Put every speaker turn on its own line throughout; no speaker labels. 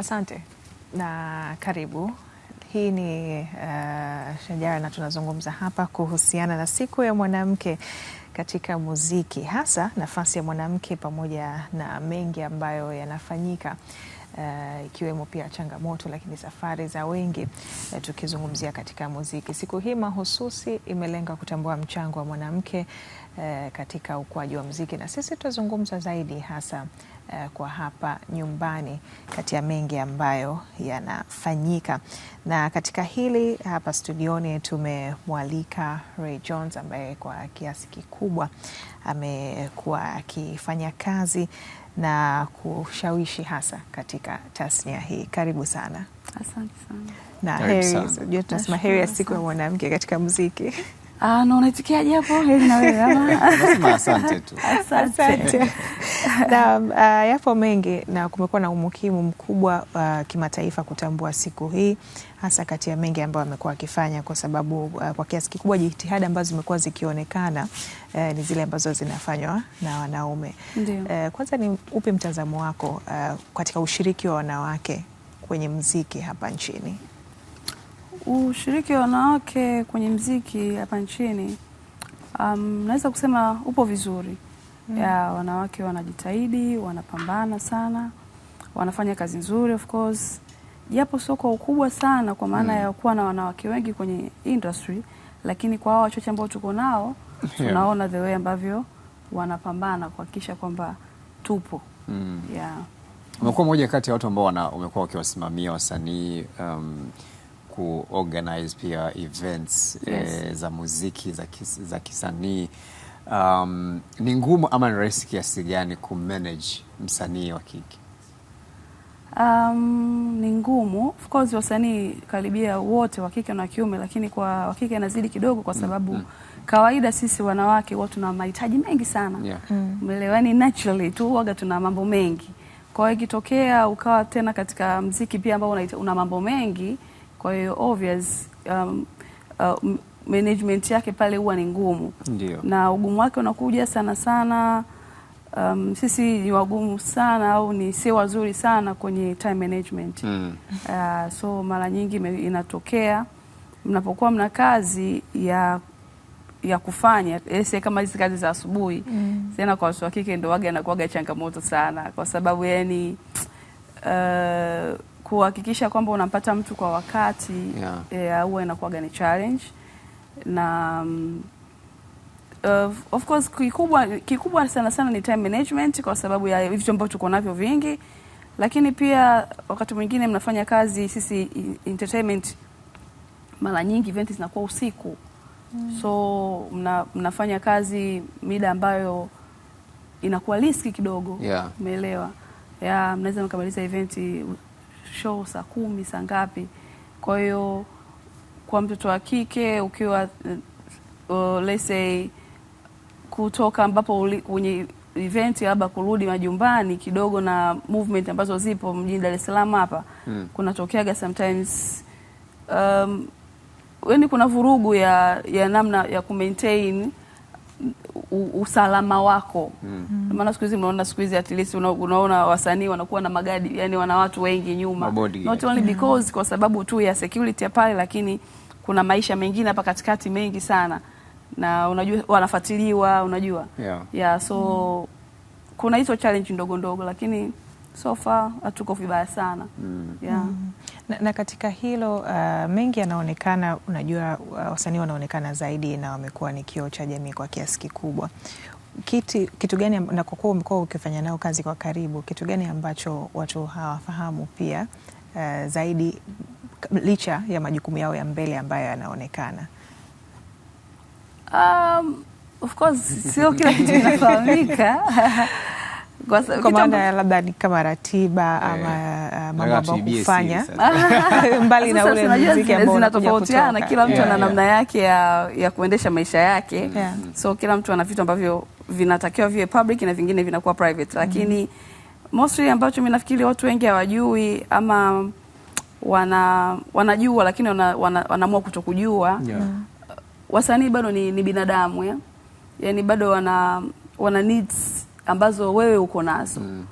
Asante na karibu. Hii ni uh, Shajara na tunazungumza hapa kuhusiana na siku ya mwanamke katika muziki, hasa nafasi ya mwanamke pamoja na mengi ambayo yanafanyika eh, ikiwemo pia changamoto lakini safari za wengi uh, tukizungumzia katika muziki. Siku hii mahususi imelenga kutambua mchango wa mwanamke uh, katika ukuaji wa muziki, na sisi tutazungumza zaidi hasa Eh, kwa hapa nyumbani, kati ya mengi ambayo yanafanyika. Na katika hili hapa studioni tumemwalika Ray Jones ambaye kwa kiasi kikubwa amekuwa akifanya kazi na kushawishi hasa katika tasnia hii. Karibu sana.
Asante sana.
Na heri, tunasema heri ya siku ya mwanamke katika muziki.
Ah, naonaitikia japo heri na wewe.
Asante tu.
Asante. na, uh, eh, yapo mengi na kumekuwa na umuhimu mkubwa uh, kimataifa kutambua siku hii hasa kati ya mengi ambayo amekuwa akifanya kwa sababu uh, kwa kiasi kikubwa jitihada ambazo zimekuwa zikionekana uh, ni zile ambazo zinafanywa na wanaume. Uh, kwanza ni upi mtazamo wako uh, katika ushiriki wa wanawake kwenye mziki hapa nchini?
Ushiriki wa wanawake kwenye mziki hapa nchini um, naweza kusema upo vizuri mm. ya wanawake wanajitahidi, wanapambana sana, wanafanya kazi nzuri of course, japo sio kwa ukubwa sana kwa maana mm. ya kuwa na wanawake wengi kwenye industry, lakini kwa hao wachache ambao tuko nao tunaona yeah. the way ambavyo wanapambana kuhakikisha kwamba tupo mm. yeah.
Umekuwa moja kati ya watu ambao wana umekuwa wakiwasimamia wasanii um, organize pia events eh, yes. e, za muziki za, kis, za kisanii um, ni ngumu ama ni rahisi kiasi gani kumanage msanii wa kike?
Um, ni ngumu of course, wasanii karibia wote wa kike na kiume, lakini kwa wa kike inazidi kidogo kwa mm, sababu mm -hmm. kawaida sisi wanawake huwa tuna mahitaji mengi sana
yeah. mm.
Yaani naturally tu waga tuna mambo mengi, kwa hiyo ikitokea ukawa tena katika mziki pia ambao una mambo mengi, kwa hiyo obvious um, uh, management yake pale huwa ni ngumu. Ndiyo. Na ugumu wake unakuja sana sana Um, sisi ni wagumu sana au ni si wazuri sana kwenye time management. Mm. Uh, so mara nyingi inatokea mnapokuwa mna kazi ya ya kufanya ese kama hizi kazi za asubuhi mm. Tena kwa watu wa kike ndo waga anakuwaga changamoto sana, kwa sababu yani uh, kuhakikisha kwamba unampata mtu kwa wakati yeah. E, huwa inakuwaga ni challenge na um, Uh, of course kikubwa, kikubwa sana sana ni time management kwa sababu ya vitu ambavyo tuko navyo vingi, lakini pia wakati mwingine mnafanya kazi, sisi entertainment mara nyingi event zinakuwa usiku mm. So mna, mnafanya kazi mida ambayo inakuwa riski kidogo yeah. Umeelewa? Yeah, mnaweza mkamaliza event show saa kumi saa ngapi, kwa hiyo kwa mtoto wa kike ukiwa uh, let's say kutoka ambapo kwenye event labda kurudi majumbani kidogo, na movement ambazo zipo mjini Dar es Salaam hapa mm. kunatokeaga sometimes um, yani kuna vurugu ya, ya namna ya kumaintain usalama wako. Mm. Maana siku hizi unaona siku hizi at least una, unaona wasanii wanakuwa na magadi, yani wana watu wengi nyuma. Not only because yeah. kwa sababu tu ya security ya pale lakini kuna maisha mengine hapa katikati mengi sana. Na unajua wanafuatiliwa, unajua. Yeah. Yeah, so mm. kuna hizo challenge ndogo ndogo lakini so far hatuko vibaya sana mm. yeah. mm.
Na, na katika hilo uh, mengi yanaonekana, unajua uh, wasanii wanaonekana zaidi na wamekuwa ni kioo cha jamii kwa kiasi kikubwa. Kiti, kitu gani na kwa kuwa umekuwa ukifanya nao kazi kwa karibu, kitu gani ambacho watu hawafahamu pia uh, zaidi licha ya majukumu yao ya mbele ambayo yanaonekana?
Um, of course sio kila kitu kinafahamika
kwa maana labda ni kama ratiba eh, ama eh, mambo ambayo kufanya
mbali na ule muziki ambao zinatofautiana, kila mtu ana yeah, namna yeah, yake ya, ya kuendesha maisha yake yeah. So kila mtu ana vitu ambavyo vinatakiwa viwe public na vingine vinakuwa private, mm-hmm. lakini mm mostly ambacho mimi nafikiri watu wengi hawajui ama wana wanajua lakini wanaamua wana, wana kutokujua yeah. Wasanii bado ni, ni binadamu ya? Yani bado wana, wana needs ambazo wewe uko nazo mm.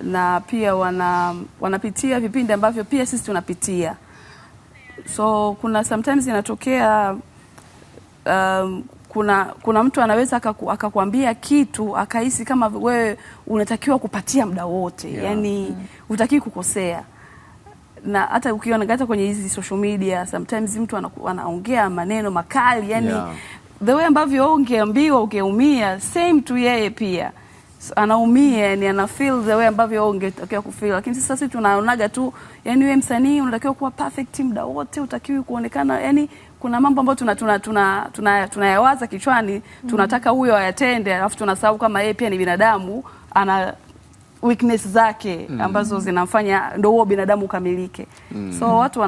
na pia wana, wanapitia vipindi ambavyo pia sisi tunapitia, so kuna sometimes inatokea um, kuna, kuna mtu anaweza akakwambia aka kitu akahisi kama wewe unatakiwa kupatia muda wote yeah. Yani mm. utaki kukosea na hata ukiona hata kwenye hizi social media sometimes mtu anaongea maneno makali yani yeah. the way ambavyo ungeambiwa ungeumia same tu yeye pia anaumia yani ana feel the way ambavyo wewe ungetakiwa kufeel, lakini sasa sisi tunaonaga tu yani wewe msanii unatakiwa kuwa perfect muda wote, utakiwi kuonekana yani kuna mambo ambayo tunayawaza tuna, tuna, tuna, tuna kichwani tunataka huyo ayatende, alafu tunasahau kama yeye pia ni binadamu, ana weakness zake mm. ambazo zinamfanya ndo huo binadamu ukamilike mm. so watu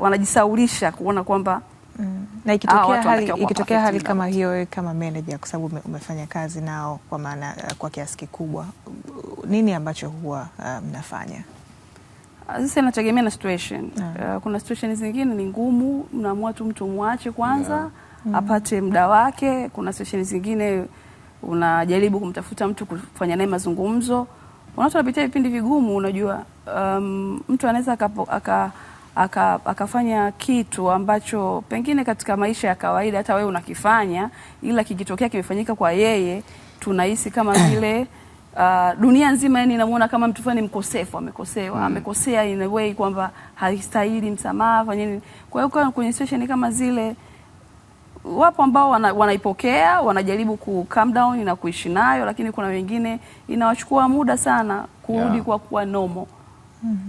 wanajisaulisha wana, wana, wana kuona kwamba
Mm. Na ikitokea ah, hali, ikitokea hali kama hiyo eh, kama manager, kwa sababu umefanya kazi nao kwa maana eh, kwa kiasi kikubwa, nini ambacho huwa eh, mnafanya?
Um, sasa inategemea na situation yeah. Uh, kuna situation zingine ni ngumu, mnaamua tu mtu mwache kwanza yeah. Mm. apate muda wake. Kuna situation zingine unajaribu kumtafuta mtu kufanya naye mazungumzo, unaonapitia vipindi vigumu, unajua um, mtu anaweza aka aka, akafanya kitu ambacho pengine katika maisha ya kawaida hata wewe unakifanya, ila kikitokea kimefanyika kwa yeye, tunahisi kama vile Uh, dunia nzima yani inamuona kama mtu fulani mkosefu, amekosewa, mm. amekosea in a way kwamba haistahili msamaha, nini. Kwa hiyo kwenye situation kama zile wapo ambao wana, wanaipokea wanajaribu ku calm down na kuishi nayo, lakini kuna wengine inawachukua muda sana kurudi yeah. kwa kuwa normal.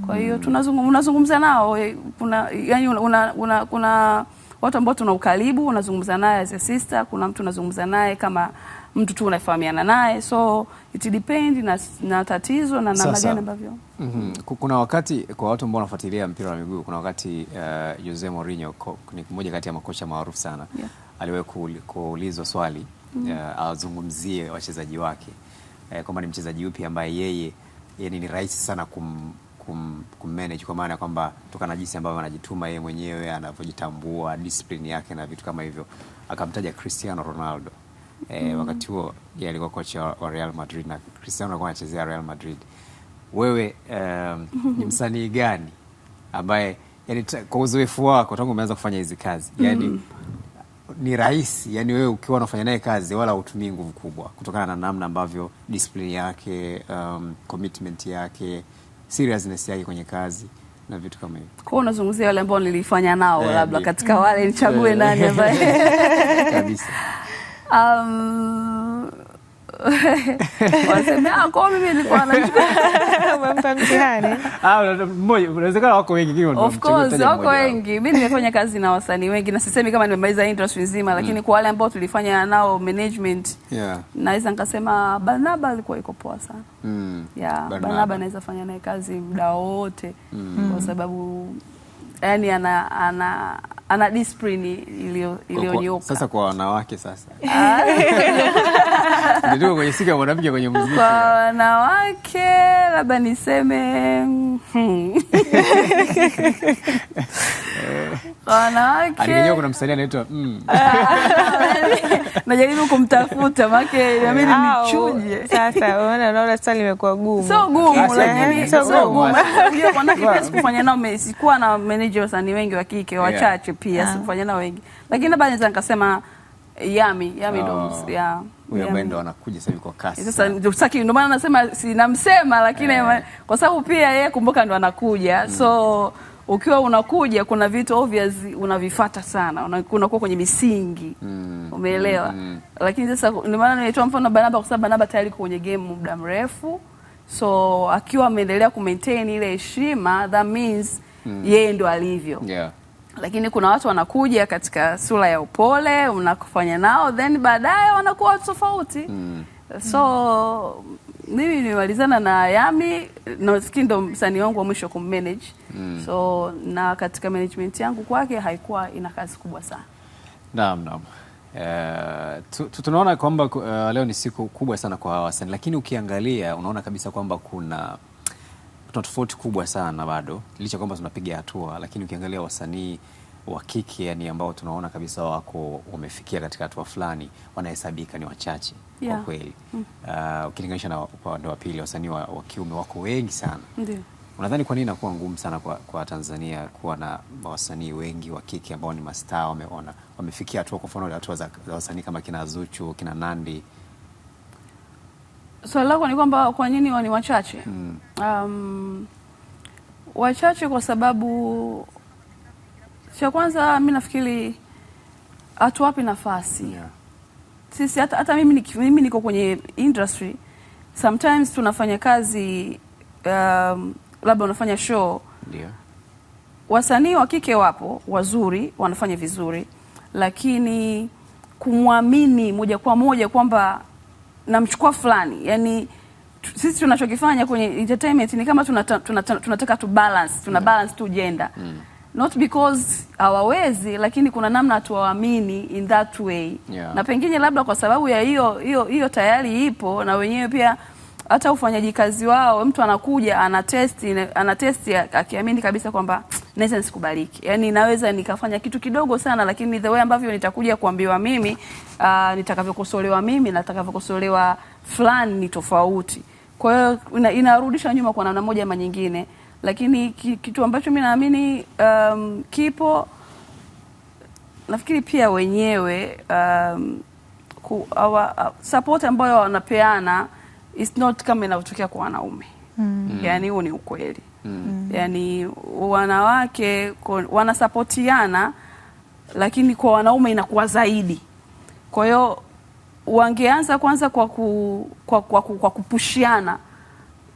Kwa hiyo tunazungumza, unazungumza nao eh, kuna yani una, una, kuna watu ambao tuna ukaribu, unazungumza naye as a sister, kuna mtu unazungumza naye kama mtu tu unafahamiana naye, so it depend na, na tatizo na namna gani ambavyo
mm -hmm. Kuna wakati kwa watu ambao wanafuatilia mpira wa miguu, kuna wakati uh, Jose Mourinho ni mmoja kati ya makocha maarufu sana yeah. Aliwahi kuulizwa swali mm -hmm. uh, azungumzie wachezaji wake uh, kwamba ni mchezaji upi ambaye yeye yani ni rahisi sana kum kum, kummanage kwa maana ya kwamba kutokana na jinsi ambavyo anajituma yeye mwenyewe anavyojitambua discipline yake na vitu kama hivyo, akamtaja Cristiano Ronaldo e, mm. wakati huo yeye alikuwa kocha wa Real Madrid na Cristiano alikuwa anachezea Real Madrid. Wewe um, ni msanii gani ambaye yani, kwa uzoefu wako tangu umeanza kufanya hizi kazi yani, mm ni rahisi yani, wewe ukiwa unafanya naye kazi wala hutumii nguvu kubwa, kutokana na namna ambavyo discipline yake, um, commitment yake seriousness yake kwenye kazi na vitu kama hivyo.
Kwa hiyo unazungumzia wale ambao nilifanya nao eh, labda katika wale nichague eh. nani ambaye kabisa. Um, wasema ah, ah, wako wengi of course, wako wengi. nimefanya kazi na wasanii wengi na sisemi kama nimemaliza industry nzima, mm. lakini kwa wale ambao tulifanya nao management yeah. naweza nikasema Barnaba alikuwa iko poa sana mm. yeah, Barnaba naweza fanya naye kazi muda wowote mm. kwa sababu yani ana, ana ana discipline iliyo iliyonyooka.
Sasa kwa wanawake sasa ah. ndio kwenye sika mwanamke kwenye muziki, kwa
wanawake labda niseme hmm. wanawake.
Alijua kuna msanii anaitwa mm.
Najaribu kumtafuta make inabidi nichuje.
Sasa unaona naona sasa limekuwa gumu.
Sio gumu lakini sio gumu. ndio Wanawake pia sikufanya nao sikuwa na manager wasanii wengi wa kike wachache pia sikufanya nao wengi. Lakini labda naweza nikasema Yami, Yami ndo
ya huyo ambaye ndo anakuja sasa kwa kasi.
Sasa sitaki, ndio maana nasema sinamsema, lakini kwa sababu pia yeye kumbuka ndo anakuja so ukiwa unakuja kuna vitu obvious unavifata sana, unakuwa kwenye misingi mm. umeelewa mm. mm. Lakini sasa ndio maana nimetoa mfano Banaba, kwa sababu Banaba tayari yuko kwenye game muda mrefu, so akiwa ameendelea maintain ile heshima that means mm. yeye ndo alivyo yeah. Lakini kuna watu wanakuja katika sura ya upole, unakufanya nao then baadaye wanakuwa tofauti mm. so mm mimi nimemalizana na Yami na Skili ndo msanii wangu wa mwisho kummanage mm. So na katika management yangu kwake haikuwa ina kazi kubwa sana.
Naam, naam. Uh, tunaona kwamba uh, leo ni siku kubwa sana kwa wasanii, lakini ukiangalia unaona kabisa kwamba kuna tofauti kubwa sana bado, licha kwamba tunapiga hatua, lakini ukiangalia wasanii wa kike yani ambao tunaona kabisa wako wamefikia katika hatua fulani wanahesabika ni wachache yeah. Kwa kweli mm. uh, ukilinganisha uh, na upande wa pili wasanii wa, wa kiume wako wengi sana. ndio Unadhani kwa nini inakuwa ngumu sana kwa, kwa Tanzania kuwa na wasanii wengi wa kike ambao ni mastaa wameona wamefikia hatua, kwa mfano hatua za, za wasanii kama kina Zuchu kina Nandi?
Swali so, lako ni kwamba kwa nini ni wachache? mm. um, wachache kwa sababu cha kwanza mi nafikiri hatuwapi nafasi yeah. Sisi hata, hata mimi, mimi niko kwenye industry sometimes tunafanya kazi um, labda unafanya show yeah. Wasanii wa kike wapo wazuri, wanafanya vizuri, lakini kumwamini moja kwa moja kwamba namchukua fulani, yani sisi tunachokifanya kwenye entertainment ni kama tunata, tunata, tunataka tu balance, tuna balance tu jenda mm not because hawawezi, lakini kuna namna hatuwaamini in that way yeah. Na pengine labda kwa sababu ya hiyo hiyo hiyo tayari ipo na wenyewe pia hata ufanyaji kazi wao, mtu anakuja ana test akiamini kabisa kwamba naweza nisikubaliki, yani naweza nikafanya kitu kidogo sana, lakini the way ambavyo nitakuja kuambiwa mimi uh, nitakavyokosolewa mimi na nitakavyokosolewa fulani ni tofauti. Kwa hiyo ina, inarudisha nyuma kwa namna moja ama nyingine lakini kitu ambacho mi naamini um, kipo nafikiri pia wenyewe um, ku, awa, support ambayo wanapeana is not kama inavyotokea kwa wanaume mm. Yani huu ni ukweli mm. mm. Yani wanawake wanasapotiana, lakini kwa wanaume inakuwa zaidi. Kwa hiyo wangeanza kwanza kwa, ku, kwa, kwa, kwa, kwa kupushiana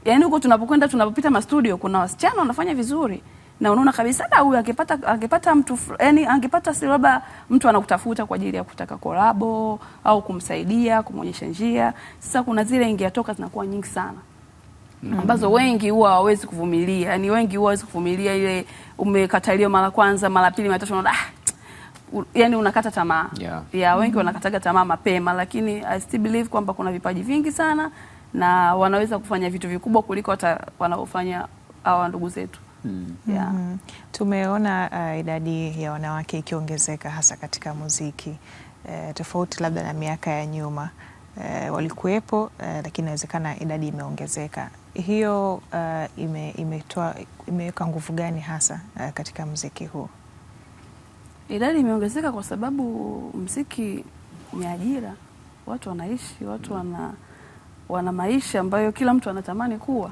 Yaani huko tunapokwenda tunapopita mastudio kuna wasichana wanafanya vizuri na unaona kabisa da huyu angepata angepata mtu yani angepata si labda mtu anakutafuta kwa ajili ya kutaka kolabo au kumsaidia kumwonyesha njia. Sasa kuna zile ingia toka zinakuwa nyingi sana mm. ambazo wengi huwa hawawezi kuvumilia, Yaani wengi huwa hawawezi kuvumilia ile umekataliwa mara kwanza, mara pili, mara tatu, unaona ah, yani unakata tamaa yeah. Yeah, wengi mm. -hmm. wanakataga tamaa mapema, lakini I still believe kwamba kuna vipaji vingi sana na wanaweza kufanya vitu vikubwa kuliko hata wanaofanya hawa ndugu zetu. Hmm.
Yeah. Mm -hmm. Tumeona uh, idadi ya wanawake ikiongezeka hasa katika muziki uh, tofauti labda na miaka ya nyuma uh, walikuwepo uh, lakini inawezekana idadi imeongezeka. Hiyo uh, ime, imetoa imeweka nguvu gani hasa uh, katika muziki huu?
Idadi imeongezeka kwa sababu muziki ni ajira, watu wanaishi, watu wana wana maisha ambayo kila mtu anatamani kuwa.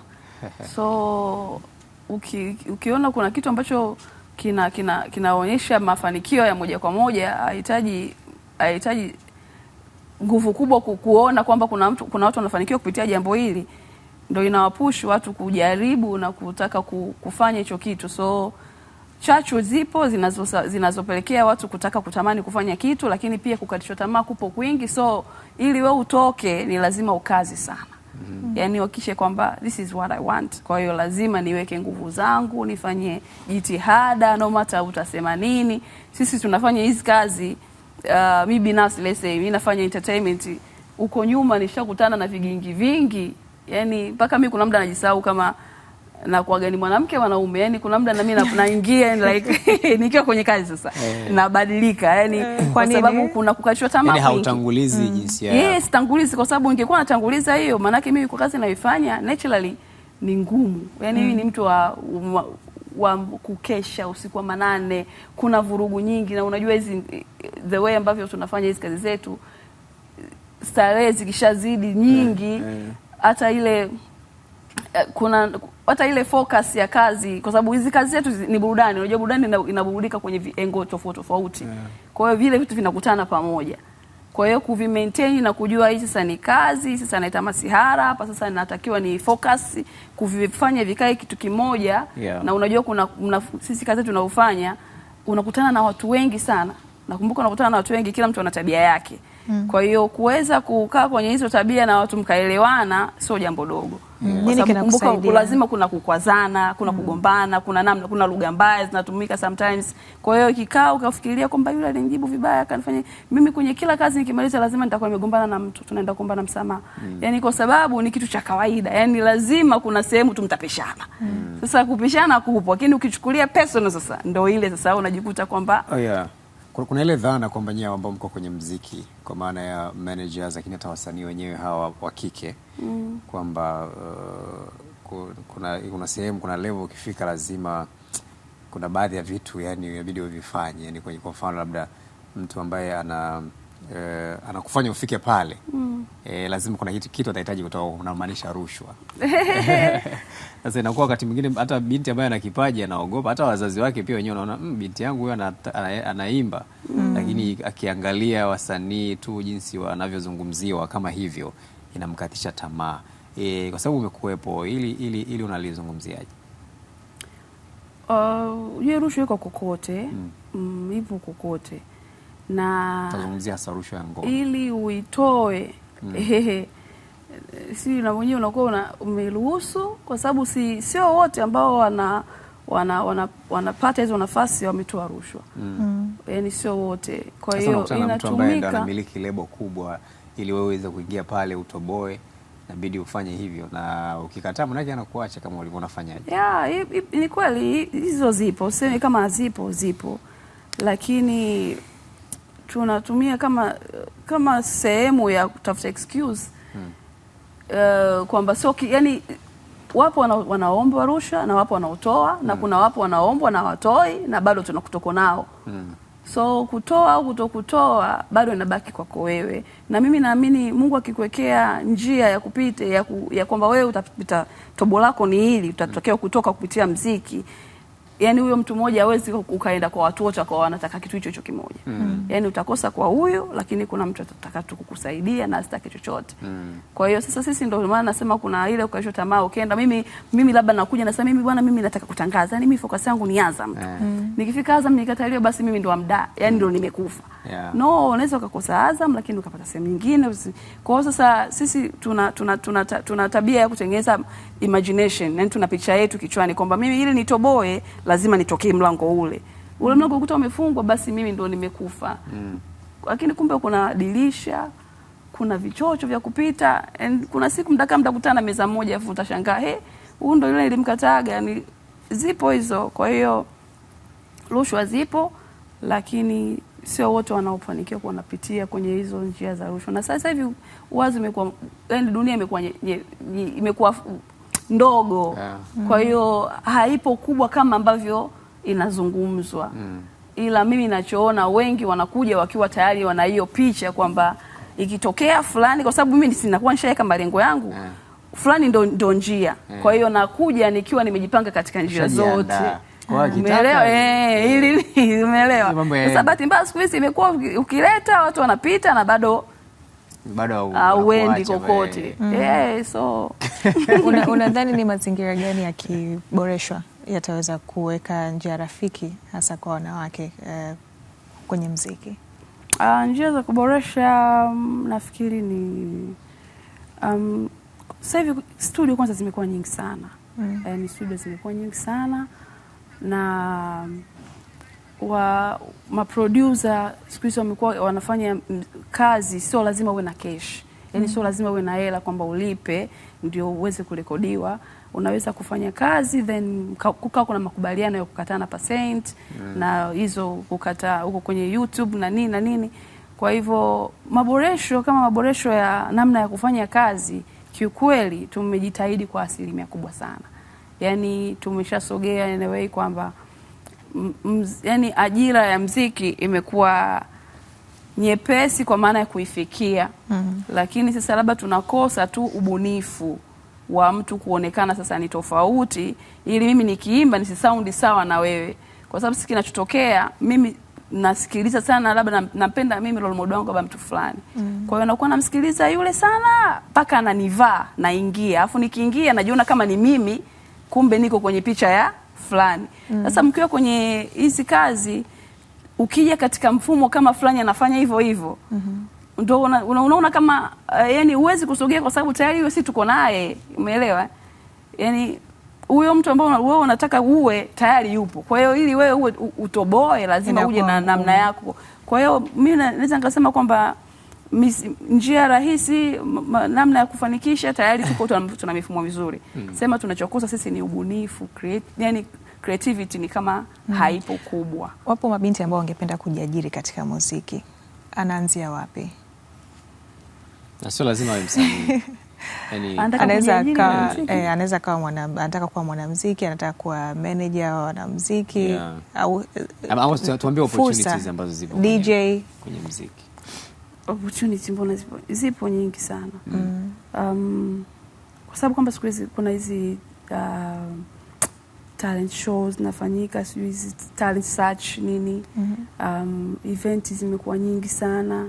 So uki, ukiona kuna kitu ambacho kina kinaonyesha kina mafanikio ya moja kwa moja, hahitaji hahitaji nguvu kubwa kuona kwamba kuna mtu, kuna watu wanafanikiwa kupitia jambo hili, ndio inawapush watu kujaribu na kutaka kufanya hicho kitu so chachu zipo zinazo, zinazopelekea watu kutaka kutamani kufanya kitu, lakini pia kukatishwa tamaa kupo kwingi, so ili we utoke ni lazima ukazi sana mm -hmm. Yani wakishe kwamba this is what I want, kwa hiyo lazima niweke nguvu zangu nifanye jitihada no matter utasema nini. Sisi tunafanya hizi kazi uh, mi binafsi let's say mi nafanya entertainment huko nyuma nishakutana na vigingi vingi, yani mpaka mi kuna muda najisahau kama na kwa gani mwanamke mwanaume, yani kuna muda na mimi naingia like nikiwa kwenye kazi sasa hey. Eh. Nabadilika yani eh. kwa sababu kuna kukatishwa tamaa,
yani hautangulizi mm.
jinsia yako. Yes, tangulizi kwa sababu ningekuwa natanguliza hiyo, maana yake mimi kwa kazi naifanya naturally ni ngumu yani mimi mm. ni mtu wa um, wa kukesha usiku wa manane, kuna vurugu nyingi, na unajua hizi the way ambavyo tunafanya hizi kazi zetu, starehe zikishazidi nyingi eh, hata yeah, yeah. ile Eh, kuna hata ile focus ya kazi, kwa sababu hizi kazi zetu ni burudani. Unajua burudani inaburudika kwenye viengo tofauti tofauti, kwa hiyo vile vitu vinakutana pamoja. Kwa hiyo kuvi maintain na kujua hii sasa ni kazi, sasa naita masihara hapa, sasa natakiwa ni focus kuvifanya vikae kitu kimoja yeah. Na unajua kuna, mna, sisi kazi zetu tunaofanya unakutana na watu wengi sana, nakumbuka unakutana na watu wengi, kila mtu ana tabia yake. Mm. Kwa hiyo kuweza kukaa kwenye hizo tabia na watu mkaelewana sio jambo dogo. Mm. Kwa sababu kumbuka, lazima kuna kukwazana, kuna mm. kugombana, kuna namna, kuna lugha mbaya zinatumika sometimes. Kwa hiyo ikikaa ukafikiria kwamba yule alinijibu vibaya akanifanya mimi, kwenye kila kazi nikimaliza lazima nitakuwa nimegombana na mtu, tunaenda kuombana msamaha. Mm. Yaani kwa sababu ni kitu cha kawaida. Yaani lazima kuna sehemu tumtapishana. Mm. Sasa kupishana kupo, lakini ukichukulia personal sasa ndio ile sasa unajikuta kwamba oh,
yeah kuna ile dhana kwamba nyewe ambao mko kwenye mziki kwa maana ya managers, lakini hata wasanii wenyewe hawa wa kike mm. kwamba uh, kuna, kuna sehemu kuna level ukifika lazima kuna baadhi ya vitu yani inabidi uvifanye yani, kwa mfano labda mtu ambaye ana eh, anakufanya ufike pale mm. eh, lazima kuna kitu atahitaji kutoka unamaanisha rushwa. Sasa inakuwa wakati mwingine hata binti ambaye ana kipaji anaogopa, hata wazazi wake pia wenyewe wanaona mm, binti yangu huyo anaimba mm. Lakini akiangalia wasanii tu jinsi wanavyozungumziwa kama hivyo inamkatisha tamaa. E, kwa sababu umekuwepo, ili ili ili unalizungumziaje?
Uh, hiyo rushwa iko kokote mm. mm. mm, kokote
na tazungumzia hasa rushwa ya ngono
ili uitoe mm. si na mwenyewe unakuwa umeruhusu, kwa sababu si sio wote ambao wana wana, wanapata hizo nafasi wametoa rushwa mm. mm. Yani sio wote,
kwa hiyo inatumika. miliki lebo kubwa, ili wewe uweze kuingia pale utoboe inabidi ufanye hivyo, na ukikataa manake anakuacha kama ulivyo unafanyaje.
Yeah, ni kweli hizo zipo, sisemi kama zipo zipo, lakini tunatumia kama kama sehemu ya kutafuta excuse hmm. Uh, kwamba sio yani, wapo wana, wanaombwa rushwa na wapo wanaotoa hmm. na kuna wapo wanaombwa na watoi na bado tunakutoko nao hmm. So kutoa au kutokutoa bado inabaki kwako wewe, na mimi naamini Mungu akikuwekea njia ya kupita ya, ku, ya kwamba wewe utapita tobo lako ni hili, utatokea kutoka kupitia mziki yani huyo mtu mmoja hawezi ukaenda kwa watu wote kwa wanataka kitu hicho hicho kimoja mm. mm. Yani utakosa kwa huyo lakini kuna mtu atataka tu kukusaidia na asitaki chochote mm. Kwa hiyo sasa sisi ndio maana nasema kuna ile ukaisha tamaa, ukienda mimi mimi labda nakuja nasema mimi bwana, mimi nataka kutangaza, yani mimi focus yangu ni Azam mm. Nikifika Azam nikataliwa, basi mimi ndo amda, yani ndo nimekufa No, unaweza ukakosa Azam lakini ukapata sehemu nyingine. Kwa hiyo sasa sisi tuna, tuna, tuna, tuna, tuna tabia ya kutengeneza imagination, yani tuna picha yetu kichwani kwamba mimi ili nitoboe lazima nitokee mlango ule ule mlango ukuta umefungwa, basi mimi ndo nimekufa. Mm. Lakini kumbe kuna dirisha, kuna vichocho vya kupita and kuna siku mtaka mtakutana meza moja, afu utashangaa he, huu ndo yule nilimkataga. Yani zipo hizo. Kwa hiyo rushwa zipo, lakini sio wote wanaofanikiwa wanapitia kwenye hizo njia za rushwa, na sasa hivi wazi imekuwa, yani dunia imekuwa imekuwa ndogo yeah. Kwa hiyo haipo kubwa kama ambavyo inazungumzwa mm. Ila mimi nachoona wengi wanakuja wakiwa tayari wana hiyo picha kwamba ikitokea fulani, kwa sababu mimi sinakuwa nishaweka malengo yangu yeah. Fulani ndo njia yeah. Kwa hiyo nakuja nikiwa nimejipanga katika njia zote umeelewa? Eh, hili umeelewa? Sasa bahati mbaya siku hizi imekuwa ukileta watu wanapita na bado bado hauendi kokote. Mm. Eh, so
unadhani ni mazingira gani yakiboreshwa yataweza kuweka njia rafiki hasa kwa wanawake eh, kwenye mziki?
Uh, njia za kuboresha um, nafikiri ni um, sasa hivi studio kwanza zimekuwa nyingi sana mm. Eh, ni studio zimekuwa nyingi sana na wa maproducer siku hizi wamekuwa wanafanya kazi, sio lazima uwe na cash yani mm. Sio lazima uwe na hela kwamba ulipe ndio uweze kurekodiwa. Unaweza kufanya kazi then kukaa, kuna makubaliano ya kukatana percent mm. na hizo kukataa huko kwenye YouTube na nini na nini. Kwa hivyo maboresho kama maboresho ya namna ya kufanya kazi, kiukweli tumejitahidi kwa asilimia kubwa sana yani tumeshasogea anyway kwamba yani ajira ya mziki imekuwa nyepesi kwa maana ya kuifikia mm -hmm. Lakini sasa labda tunakosa tu ubunifu wa mtu kuonekana sasa ni tofauti, ili mimi nikiimba nisisaundi sawa na wewe, kwa sababu sisi kinachotokea mimi nasikiliza sana, labda napenda mimi role model wangu baba mtu fulani mm. Kwa hiyo nakuwa namsikiliza yule sana mpaka ananivaa, naingia, afu nikiingia najiona kama ni mimi kumbe niko kwenye picha ya fulani. Mm. Sasa mm. mkiwa kwenye hizi kazi, ukija katika mfumo kama fulani anafanya hivyo hivyo mm -hmm. ndo unaona una, una kama uh, yani huwezi kusogea kwa sababu tayari wewe si tuko naye, umeelewa? Yani huyo mtu ambao wewe unataka uwe tayari yupo. Kwa hiyo ili wewe uwe utoboe, lazima uje na namna yako. Kwa hiyo mimi naweza nikasema kwamba mis, njia rahisi namna ya kufanikisha tayari tuko tuna mifumo mizuri mm. Sema tunachokosa sisi ni ubunifu create, yani creativity ni kama mm. haipo kubwa.
Wapo mabinti ambao wangependa kujiajiri katika muziki, anaanzia wapi?
Na sio lazima awe msanii
yaani, eh, anaweza akawa anaweza kawa anataka kuwa mwanamuziki, anataka kuwa meneja wa wanamuziki
au tuambie opportunities ambazo zipo DJ kwenye muziki
opportunity mbona zipo, zipo nyingi sana mm. um, kwa sababu kwamba siku hizi kuna hizi uh, talent shows nafanyika sijui hizi talent search nini mm -hmm. um, event zimekuwa nyingi sana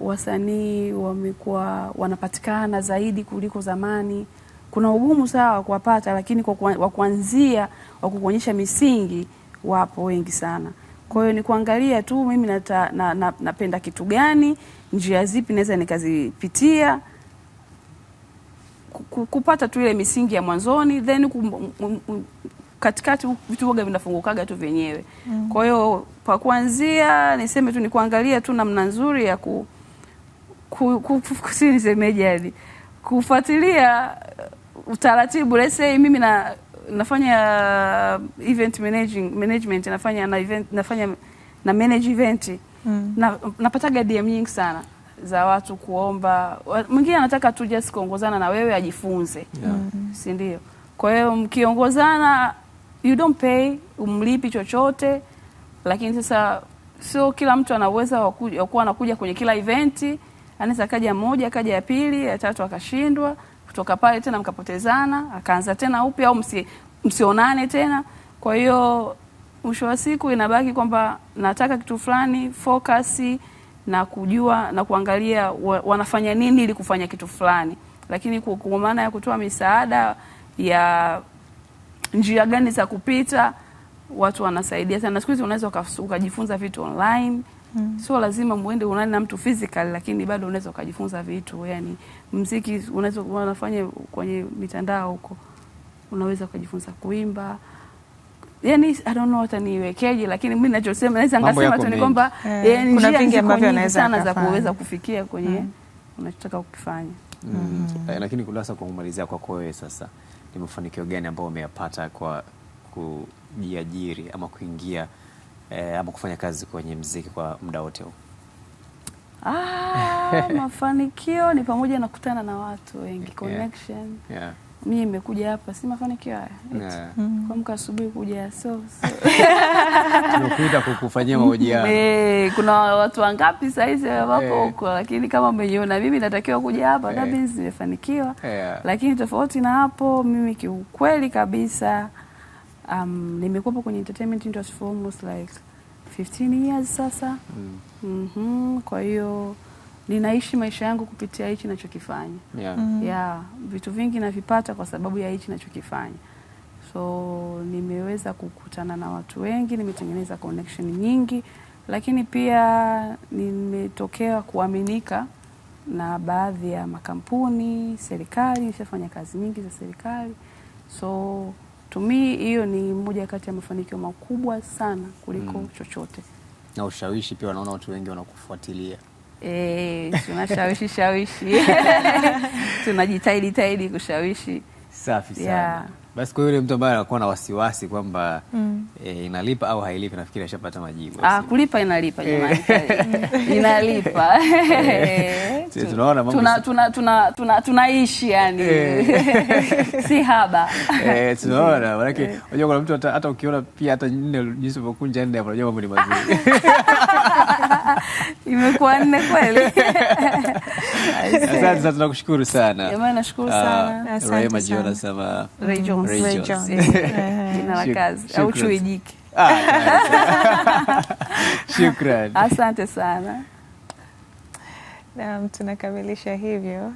wasanii wamekuwa wanapatikana zaidi kuliko zamani kuna ugumu sawa wa kuwapata lakini kwa kuanzia wa kukuonyesha misingi wapo wengi sana kwa hiyo ni kuangalia tu mimi nata, na, na, napenda kitu gani, njia zipi naweza nikazipitia kupata tu ile misingi ya mwanzoni, then katikati vitu voga vinafungukaga tu vyenyewe mm. Kwa hiyo pa kuanzia niseme tu ni kuangalia tu namna nzuri ya ku, ku, ku, ku si nisemeje, yani kufuatilia uh, utaratibu. lesei mimi na nafanya uh, event managing, management nafanya na event, nafanya na manage event mm. na, napataga DM nyingi sana za watu kuomba, mwingine anataka tu just kuongozana na wewe ajifunze yeah. Mm. si ndio? Kwa hiyo mkiongozana, you don't pay, umlipi chochote, lakini sasa sio kila mtu ana uwezo wa kuwa anakuja kwenye kila eventi. Anaweza akaja moja, akaja ya pili, ya tatu akashindwa kutoka pale tena mkapotezana, akaanza tena upya au msi, msionane tena. Kwa hiyo mwisho wa siku inabaki kwamba nataka kitu fulani focus na kujua na kuangalia wa, wanafanya nini ili kufanya kitu fulani, lakini kwa maana ya kutoa misaada ya njia gani za kupita watu wanasaidia sana. Siku hizi unaweza ukajifunza vitu online mm. Sio lazima muende unane na mtu physical, lakini bado unaweza ukajifunza vitu. Yani mziki unaweza unafanya kwenye mitandao huko, unaweza ukajifunza kuimba Yani, I don't know hata niwekeje, lakini mimi ninachosema naweza ngasema tu ni kwamba yeah. Yani, eh, kuna vingi ambavyo anaweza sana za kuweza kufikia kwenye mm. unachotaka kukifanya mm.
mm. Eh, lakini Kulasa, kwa kumalizia kwako wewe sasa, ni mafanikio gani ambayo umeyapata kwa kujiajiri ama kuingia eh, ama kufanya kazi kwenye mziki kwa muda wote huu?
Ah, mafanikio ni pamoja na kutana na watu wengi connection. Yeah. Yeah. Mimi nimekuja hapa si mafanikio haya. Yeah. Mm. Kuamka asubuhi kuja so,
tunakuja kukufanyia mahojiano.
Eh, kuna watu wangapi sasa hizi wapo eh. huko Lakini kama umeniona mimi natakiwa kuja hapa yeah. That eh. means nimefanikiwa. Lakini tofauti na hapo mimi kiukweli kabisa um, nimekuwepo kwenye entertainment industry for almost like 15 years sasa mm. Mm -hmm. Kwa hiyo ninaishi maisha yangu kupitia hichi nachokifanya yeah. Mm -hmm. Yeah, vitu vingi navipata kwa sababu ya hichi nachokifanya, so nimeweza kukutana na watu wengi, nimetengeneza connection nyingi, lakini pia nimetokea kuaminika na baadhi ya makampuni, serikali. Nishafanya kazi nyingi za serikali so to me hiyo ni moja kati ya mafanikio makubwa sana kuliko mm. chochote.
Na ushawishi pia, wanaona watu wengi wanakufuatilia.
eh, tunashawishi shawishi tunajitahidi tahidi kushawishi.
Safi sana yeah. Basi kwa yule mtu ambaye anakuwa na wasiwasi kwamba mm. e, inalipa au hailipi, nafikiri ashapata majibu.
Ah, kulipa inalipa jamani, eh. inalipa
eh tunaona mambo
tuna, tuna, tuna, tuna, yani e. si haba
e, eh, tunaona manake eh. unajua kuna mtu hata, hata ukiona pia hata nne jinsi unavyokunja nne hapo unajua mambo ni mazuri
imekuwa nne kweli
asante sana tunakushukuru sana ah, Rehema Jiona sama ah, Shukran.
Asante sana. Naam, tunakamilisha hivyo.